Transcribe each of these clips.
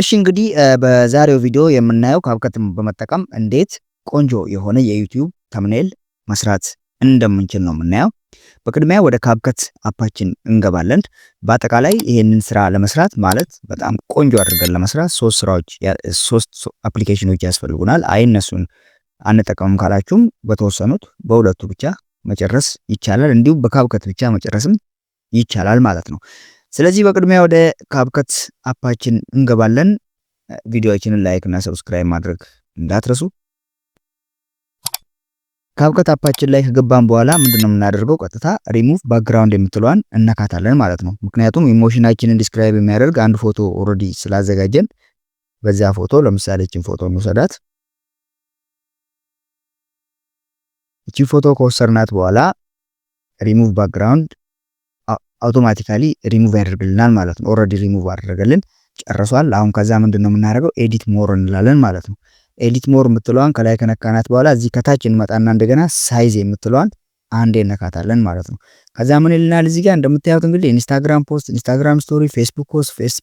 እሺ እንግዲህ በዛሬው ቪዲዮ የምናየው ካብከትን በመጠቀም እንዴት ቆንጆ የሆነ የዩቲዩብ ተምኔል መስራት እንደምንችል ነው የምናየው። በቅድሚያ ወደ ካብከት አፓችን እንገባለን። በአጠቃላይ ይህንን ስራ ለመስራት ማለት በጣም ቆንጆ አድርገን ለመስራት ሶስት ስራዎች ሶስት አፕሊኬሽኖች ያስፈልጉናል። አይ እነሱን አንጠቀምም ካላችሁም በተወሰኑት በሁለቱ ብቻ መጨረስ ይቻላል። እንዲሁም በካብከት ብቻ መጨረስም ይቻላል ማለት ነው። ስለዚህ በቅድሚያ ወደ ካብከት አፓችን እንገባለን። ቪዲዮችንን ላይክ እና ሰብስክራይብ ማድረግ እንዳትረሱ። ካብከት አፓችን ላይ ከገባን በኋላ ምንድነው የምናደርገው? ቀጥታ ሪሙቭ ባክግራውንድ የምትለዋን እነካታለን ማለት ነው። ምክንያቱም ኢሞሽናችንን ዲስክራይብ የሚያደርግ አንድ ፎቶ ኦልሬዲ ስላዘጋጀን በዚያ ፎቶ ለምሳሌ ፎቶ እንውሰዳት። እቺ ፎቶ ከወሰርናት በኋላ ሪሙቭ ባክግራውንድ አውቶማቲካሊ ሪሙቭ ያደርግልናል ማለት ነው። ኦልሬዲ ሪሙቭ አደረገልን፣ ጨርሷል። አሁን ከዛ ምንድን ነው የምናደርገው? ኤዲት ሞር እንላለን ማለት ነው። ኤዲት ሞር የምትለዋን ከላይ ከነካናት በኋላ እዚህ ከታች እንመጣና እንደገና ሳይዝ የምትለዋን አንዴ እነካታለን ማለት ነው። ከዛ ምን ይልናል? እዚህ ጋር እንደምታዩት እንግዲህ ኢንስታግራም ፖስት፣ ኢንስታግራም ስቶሪ፣ ፌስቡክ ፖስት፣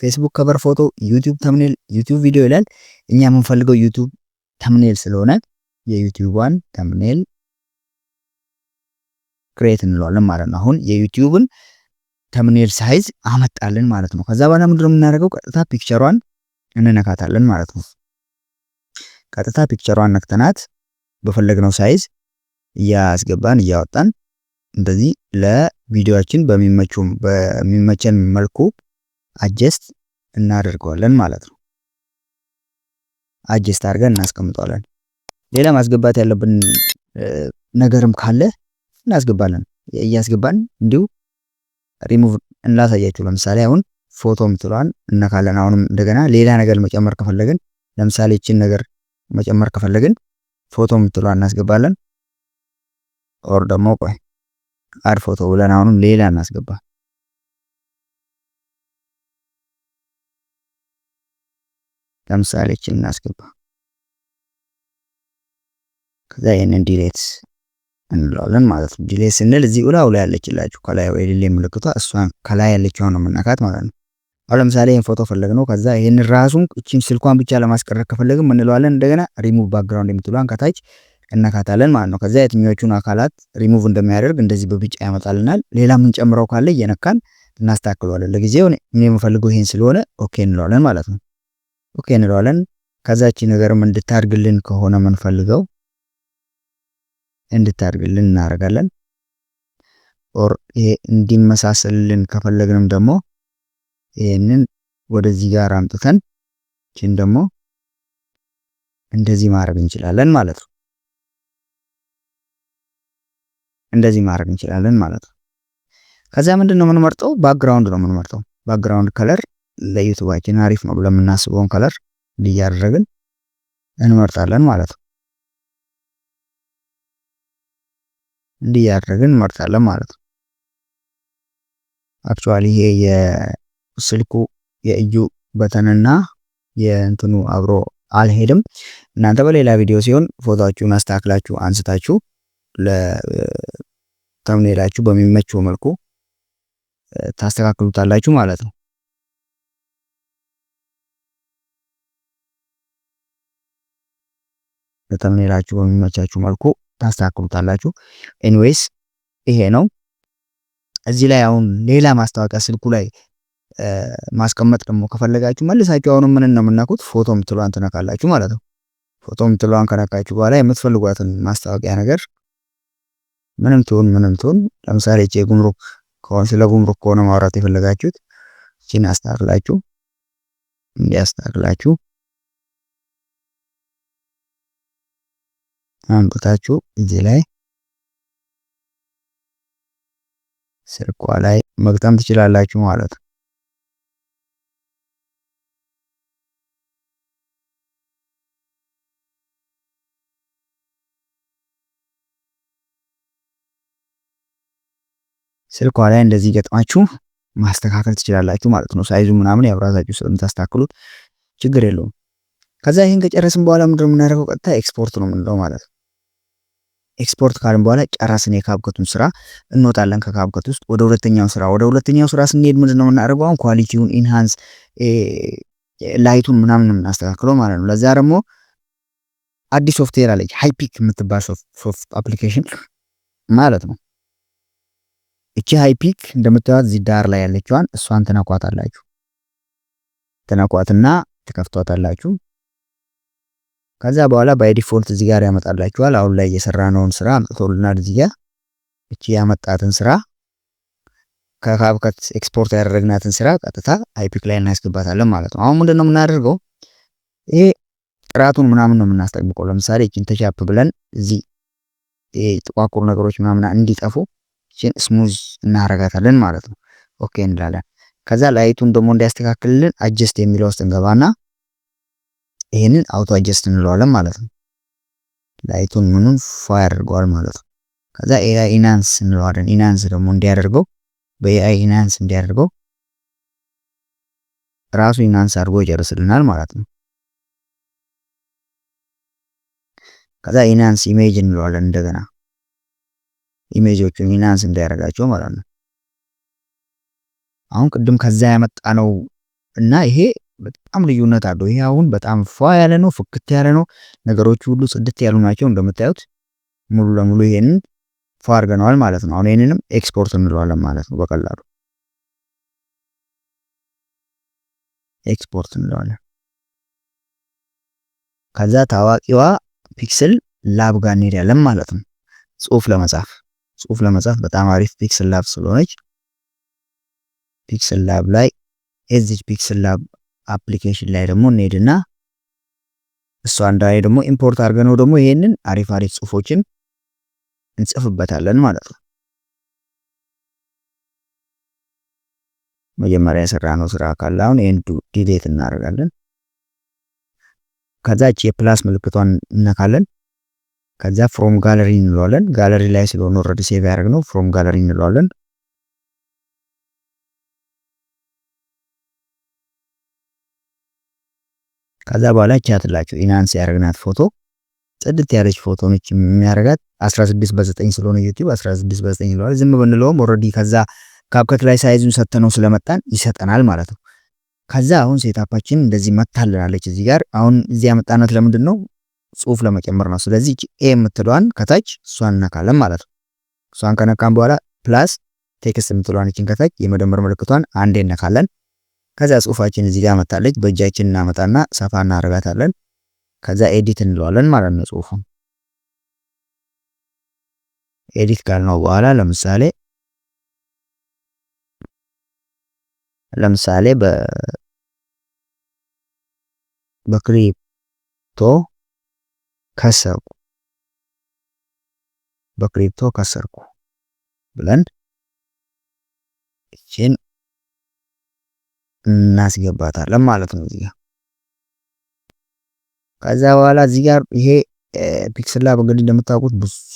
ፌስቡክ ከቨር ፎቶ፣ ዩቲዩብ ተምኔል፣ ዩቲዩብ ቪዲዮ ይላል። እኛ የምንፈልገው ዩቲዩብ ተምኔል ስለሆነ ዋን ተምኔል ክሬት እንለዋለን ማለት ነው። አሁን የዩቲዩብን ተምኔል ሳይዝ አመጣልን ማለት ነው። ከዛ በኋላ ምንድነው የምናደርገው? ቀጥታ ፒክቸሯን እንነካታለን ማለት ነው። ቀጥታ ፒክቸሯን ነክተናት በፈለግነው ሳይዝ እያስገባን እያወጣን እንደዚህ ለቪዲዮችን በሚመቸን መልኩ አጀስት እናደርገዋለን ማለት ነው። አጀስት አድርገን እናስቀምጠዋለን። ሌላ ማስገባት ያለብን ነገርም ካለ እናስገባለን። እያስገባን እንዲሁ ሪሙቭ እናሳያችሁ። ለምሳሌ አሁን ፎቶ ምትሏን እነካለን። አሁንም እንደገና ሌላ ነገር መጨመር ከፈለግን ለምሳሌ ይችን ነገር መጨመር ከፈለግን ፎቶ ምትሏን እናስገባለን። ኦር ደግሞ ቆይ አድ ፎቶ ብለን አሁንም ሌላ እናስገባ ለምሳሌ ይችን እናስገባ ከዛ ይህንን ዲሌት እንላለን ማለት ነው። ዲሌይ ስንል እዚህ እላው ላይ ያለችላችሁ ከላይ ወይ ዲሌይ ምልክቷ እሷን ከላይ ያለችው ነው መነካት ማለት ነው። አሁን ለምሳሌ ይሄን ፎቶ ፈለግ ነው። ከዛ ይሄን ራሱን እቺን ስልኳን ብቻ ለማስቀረት ከፈለግም ምን እንለዋለን? እንደገና ሪሙቭ ባክግራውንድ የምትሏን ከታች እነካታለን ማለት ነው። ከዛ የትኞቹን አካላት ሪሙቭ እንደሚያደርግ እንደዚህ በቢጫ ያመጣልናል። ሌላ ጨምረው ካለ እየነካን እናስተካክለዋለን። ለጊዜው እኔ የምፈልገው ይሄን ስለሆነ ኦኬ እንለዋለን ማለት ነው። ኦኬ እንለዋለን። ከዛች ነገርም እንድታርግልን ከሆነ የምንፈልገው እንድታደርግልን እናደርጋለን። ኦር ይሄ እንዲመሳሰልልን ከፈለግንም ደግሞ ይህንን ወደዚህ ጋር አምጥተን ችን ደግሞ እንደዚህ ማድረግ እንችላለን ማለት ነው። እንደዚህ ማድረግ እንችላለን ማለት ነው። ከዚያ ምንድን ነው የምንመርጠው? ባክግራውንድ ነው የምንመርጠው። ባክግራውንድ ከለር ለዩቱባችን አሪፍ ነው ብለን የምናስበውን ከለር ልያደረግን እንመርጣለን ማለት ነው። እንዲያደርግን እያደረግን እንመርጣለን ማለት ነው። አክቹዋሊ ይሄ የስልኩ የእዩ በተንና የእንትኑ አብሮ አልሄድም። እናንተ በሌላ ቪዲዮ ሲሆን ፎቶችሁን አስተካክላችሁ አንስታችሁ ለተምኔላችሁ በሚመቸው መልኩ ታስተካክሉታላችሁ ማለት ነው። ለተምኔላችሁ በሚመቻችሁ መልኩ ታስተካክሉታላችሁ። ኤንዌይስ ይሄ ነው። እዚህ ላይ አሁን ሌላ ማስታወቂያ ስልኩ ላይ ማስቀመጥ ደግሞ ከፈለጋችሁ መልሳችሁ አሁን ምን ነው የምናኩት ፎቶ የምትለዋን ትነካላችሁ ማለት ነው። ፎቶ የምትለዋን ከነካችሁ በኋላ የምትፈልጓትን ማስታወቂያ ነገር ምንም ትሁን ምንም ትሁን፣ ለምሳሌ እቺ ጉምሩክ ከሆነ ስለ ጉምሩክ ከሆነ ማውራት የፈለጋችሁት እቺን አስተካክላችሁ እንዲያስተካክላችሁ አምጥታችሁ እዚህ ላይ ስልኳ ላይ መግጠም ትችላላችሁ ማለት ነው። ስልኳ ላይ እንደዚህ ገጥማችሁ ማስተካከል ትችላላችሁ ማለት ነው። ሳይዙ ምናምን ያው ስለምታስተካክሉት ችግር የለውም። ከዛ ይህን ከጨረስን በኋላ ምንድነው የምናደርገው? ቀጥታ ኤክስፖርት ነው የምንለው ማለት ነው። ኤክስፖርት ካልን በኋላ ጨረስን የካፕከቱን ስራ እንወጣለን። ከካፕከት ውስጥ ወደ ሁለተኛው ስራ ወደ ሁለተኛው ስራ ስንሄድ ምንድን ነው የምናደርገው? አሁን ኳሊቲውን ኢንሃንስ ላይቱን ምናምን የምናስተካክለው ማለት ነው። ለዚያ ደግሞ አዲስ ሶፍትዌር አለች ሃይፒክ የምትባል ሶፍት አፕሊኬሽን ማለት ነው። እቺ ሃይፒክ እንደምታዩት እዚህ ዳር ላይ ያለችዋን እሷን ትነኳታላችሁ። ትነኳትና ትከፍቷታላችሁ። ከዛ በኋላ ባይ ዲፎልት እዚህ ጋር ያመጣላችኋል። አሁን ላይ የሰራነውን ስራ አምጥቶልናል። እዚህ ጋር እቺ ያመጣትን ስራ ከካፕከት ኤክስፖርት ያደረግናትን ስራ ቀጥታ አይፒክ ላይ እናስገባታለን ማለት ነው። አሁን ምንድን ነው የምናደርገው? ይሄ ጥራቱን ምናምን ነው የምናስጠብቀው። ለምሳሌ እችን ተቻፕ ብለን እዚህ ጥቋቁር ነገሮች ምናምን እንዲጠፉ እችን ስሙዝ እናረጋታለን ማለት ነው። ኦኬ እንላለን። ከዛ ላይቱን ደግሞ እንዲያስተካክልልን አጀስት የሚለው ውስጥ እንገባና ይህንን አውቶ አጀስት እንለዋለን ማለት ነው። ላይቱን ምኑን ፋ ያደርገዋል ማለት ነው። ከዛ ኤአይ ኢናንስ እንለዋለን። ኢናንስ ደግሞ እንዲያደርገው በኤአይ ኢናንስ እንዲያደርገው ራሱ ኢናንስ አድርጎ ይጨርስልናል ማለት ነው። ከዛ ኢናንስ ኢሜጅ እንለዋለን እንደገና ኢሜጆቹን ኢናንስ እንዳያደርጋቸው ማለት ነው። አሁን ቅድም ከዛ ያመጣ ነው እና ይሄ በጣም ልዩነት አለው። ይሄ አሁን በጣም ፏ ያለ ነው፣ ፍክት ያለ ነው። ነገሮቹ ሁሉ ጽድት ያሉ ናቸው። እንደምታዩት ሙሉ ለሙሉ ይሄንን ፏ አድርገነዋል ማለት ነው። አሁን ይሄንንም ኤክስፖርት እንለዋለን ማለት ነው። በቀላሉ ኤክስፖርት እንለዋለን። ከዛ ታዋቂዋ ፒክስል ላብ ጋር እንሄዳለን ማለት ነው። ጽሁፍ ለመጻፍ ጽሁፍ ለመጻፍ በጣም አሪፍ ፒክስል ላብ ስለሆነች ፒክስል ላብ ላይ የዚች ፒክስል ላብ አፕሊኬሽን ላይ ደግሞ እንሄድና እሷ እንዳይ ደግሞ ኢምፖርት አድርገነው ደግሞ ይሄንን አሪፍ አሪፍ ጽሁፎችን እንጽፍበታለን ማለት ነው። መጀመሪያ የሰራነው ስራ ካለ አሁን ይሄን ዲሌት እናደርጋለን። ከዛች የፕላስ ምልክቷን እነካለን። ከዛ ፍሮም ጋለሪ እንለዋለን። ጋለሪ ላይ ስለሆነ ኦልሬዲ ሴቭ ያደርግነው ፍሮም ጋለሪ እንለዋለን። ከዛ በኋላ ቻትላቸው ኢናንስ ያደረግናት ፎቶ ጽድት ያለች ፎቶ ነች። የሚያደርጋት 16 በ9 ስለሆነ ዩቲዩብ 16 በ9 ስለሆነ ዝም ብንለውም ኦልሬዲ ከዛ ካብከት ላይ ሳይዙን ሰተነው ስለመጣን ይሰጠናል ማለት ነው። ከዛ አሁን ሴታፓችን እንደዚህ መታልናለች። እዚህ ጋር አሁን እዚህ ያመጣናት ለምንድን ነው? ጽሁፍ ለመጨመር ነው። ስለዚህ ኤ የምትለዋን ከታች እሷን እነካለን ማለት ነው። እሷን ከነካን በኋላ ፕላስ ቴክስት የምትለዋን ይችን ከታች የመደመር ምልክቷን አንዴ እነካለን። ከዛ ጽሁፋችን እዚህ ጋር መታለች። በእጃችን እናመጣና ሰፋ እናደርጋታለን። ከዛ ኤዲት እንለዋለን ማለት ነው። ጽሁፉ ኤዲት ካልነው በኋላ ለምሳሌ ለምሳሌ በክሪፕቶ ከሰርኩ በክሪፕቶ ከሰርኩ ብለን እናስገባታለን ማለት ነው። እዚህ ከዛ በኋላ እዚጋ ጋር ይሄ ፒክስል ላብ እንግዲህ እንደምታውቁት ብዙ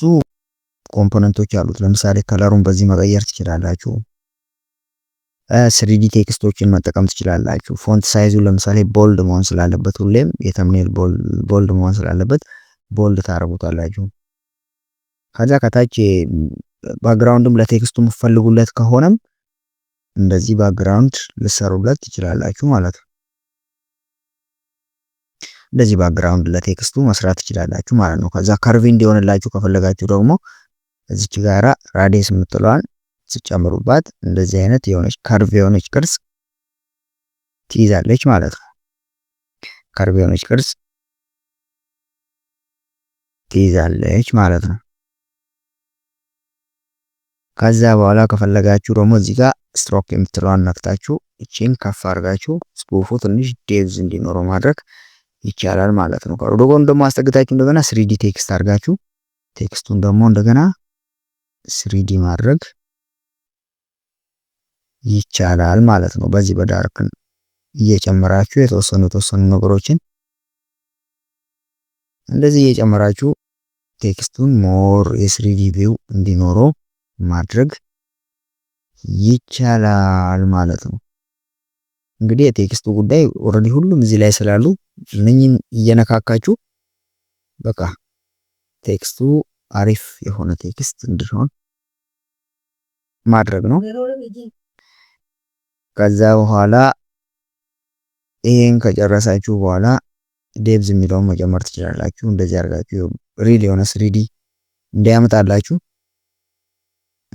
ኮምፖነንቶች አሉት። ለምሳሌ ከለሩን በዚህ መቀየር ትችላላችሁ። ስሪዲ ቴክስቶችን መጠቀም ትችላላችሁ። ፎንት ሳይዙ ለምሳሌ ቦልድ መሆን ስላለበት ሁሌም የተምኔል ቦልድ መሆን ስላለበት ቦልድ ታደርጉታላችሁ። ከዛ ከታች ባክግራውንድም ለቴክስቱ የምፈልጉለት ከሆነም እንደዚህ ባክግራውንድ ልሰሩለት ትችላላችሁ ማለት ነው። እንደዚህ ባክግራውንድ ለቴክስቱ መስራት ትችላላችሁ ማለት ነው። ከዛ ከርቪ እንዲሆንላችሁ ከፈለጋችሁ ደግሞ እዚች ጋራ ራዲየስ የምትለዋን ስጨምሩባት እንደዚህ አይነት የሆነች ከርቭ የሆነች ቅርጽ ትይዛለች ማለት ነው። ከርቭ የሆነች ቅርጽ ትይዛለች ማለት ነው። ከዛ በኋላ ከፈለጋችሁ ደግሞ እዚህ ጋር ስትሮክ የምትለዋን ነክታችሁ እቺን ከፍ አድርጋችሁ ጽሁፉ ትንሽ ዴቭዝ እንዲኖረው ማድረግ ይቻላል ማለት ነው። ወደ ጎን ደግሞ አስጠግታችሁ እንደገና ስሪዲ ቴክስት አድርጋችሁ ቴክስቱን ደግሞ እንደገና ስሪዲ ማድረግ ይቻላል ማለት ነው። በዚህ በዳርክን እየጨመራችሁ የተወሰኑ የተወሰኑ ነገሮችን እንደዚህ እየጨመራችሁ ቴክስቱን ሞር የስሪዲ ቪው እንዲኖረው ማድረግ ይቻላል ማለት ነው። እንግዲህ የቴክስቱ ጉዳይ ኦልሬዲ ሁሉም እዚህ ላይ ስላሉ እነኝን እየነካካችሁ በቃ ቴክስቱ አሪፍ የሆነ ቴክስት እንድሆን ማድረግ ነው። ከዛ በኋላ ይሄን ከጨረሳችሁ በኋላ ዴብዝ የሚለውን መጨመር ትችላላችሁ። እንደዚህ አርጋችሁ ሪል የሆነ ስሪዲ እንዲያመጣላችሁ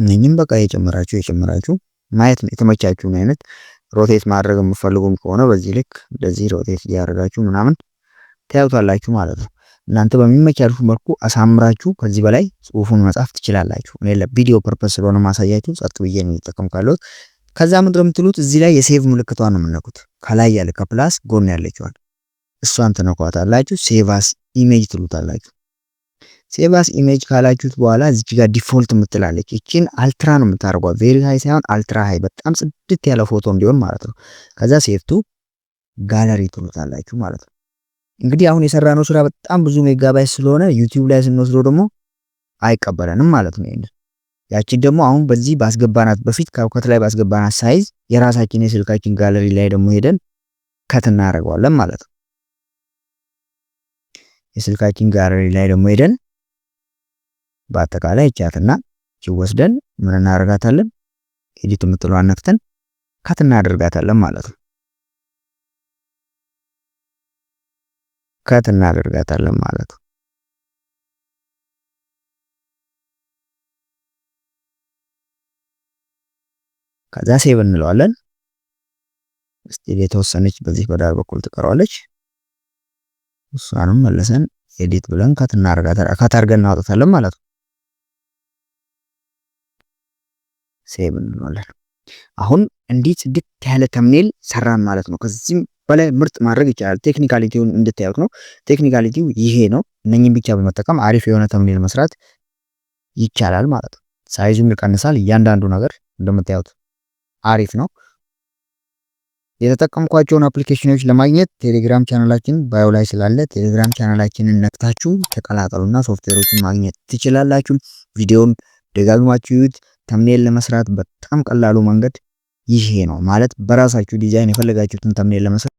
እነኝም በቃ የጨመራችሁ የጨመራችሁ ማየት የተመቻችሁን አይነት ሮቴት ማድረግ የምፈልጉም ከሆነ በዚህ ልክ እንደዚህ ሮቴት እያደረጋችሁ ምናምን ታዩታላችሁ ማለት ነው። እናንተ በሚመቻችሁ መልኩ አሳምራችሁ ከዚህ በላይ ጽሁፉን መጻፍ ትችላላችሁ። እኔ ለቪዲዮ ፐርፐስ ስለሆነ ማሳያችሁ ጸጥ ብዬ ነው የምጠቀም ከዛ ምድር የምትሉት እዚህ ላይ የሴቭ ምልክቷ ነው የምነኩት። ከላይ ያለ ከፕላስ ጎን ያለችዋል እሷን ትነኳታላችሁ። ሴቫስ ኢሜጅ ትሉታላችሁ። ሴቫስ ኢሜጅ ካላችሁት በኋላ እዚች ጋር ዲፎልት የምትላለች ይችን አልትራ ነው የምታደርጓት። ቬሪ ሃይ ሳይሆን አልትራ ሃይ በጣም ጽድት ያለ ፎቶ እንዲሆን ማለት ነው። ከዛ ሴፍቱ ጋለሪ ትሉታላችሁ ማለት ነው። እንግዲህ አሁን የሰራነው ስራ በጣም ብዙ ሜጋባይት ስለሆነ ዩቲዩብ ላይ ስንወስደው ደግሞ አይቀበለንም ማለት ነው። ይሄንን ያችን ደግሞ አሁን በዚህ ባስገባናት በፊት ከውከት ላይ ባስገባናት ሳይዝ የራሳችን የስልካችን ጋለሪ ላይ ደግሞ ሄደን ከት እናደርገዋለን ማለት ነው። የስልካችን ጋለሪ ላይ ደግሞ ሄደን በአጠቃላይ ቻትና ሲወስደን ምን እናደርጋታለን? ኤዲት የምትለው ነክተን ካት እናደርጋታለን ማለት ነው። ካት እናደርጋታለን ማለት ነው። ከዛ ሴቭ እንለዋለን። እስቲ የተወሰነች በዚህ በዳር በኩል ትቀረዋለች። እሷንም መለሰን ኤዲት ብለን ካት እናደርጋታለን ካት አድርገን እናወጣታለን ማለት ነው። ሴቭ እንለዋለን። አሁን እንዲህ ጽድት ያለ ተምኔል ሰራን ማለት ነው። ከዚህም በላይ ምርጥ ማድረግ ይቻላል። ቴክኒካሊቲውን እንድታዩት ነው። ቴክኒካሊቲው ይሄ ነው። እነኝም ብቻ በመጠቀም አሪፍ የሆነ ተምኔል መስራት ይቻላል ማለት ነው። ሳይዙም ይቀንሳል። እያንዳንዱ ነገር እንደምታዩት አሪፍ ነው። የተጠቀምኳቸውን አፕሊኬሽኖች ለማግኘት ቴሌግራም ቻናላችን ባዮ ላይ ስላለ ቴሌግራም ቻናላችንን ነክታችሁ ተቀላቀሉና ሶፍትዌሮችን ማግኘት ትችላላችሁ። ቪዲዮም ደጋግማችሁ ዩት ተምኔል ለመስራት በጣም ቀላሉ መንገድ ይሄ ነው ማለት በራሳችሁ ዲዛይን የፈለጋችሁትን ተምኔል ለመስራት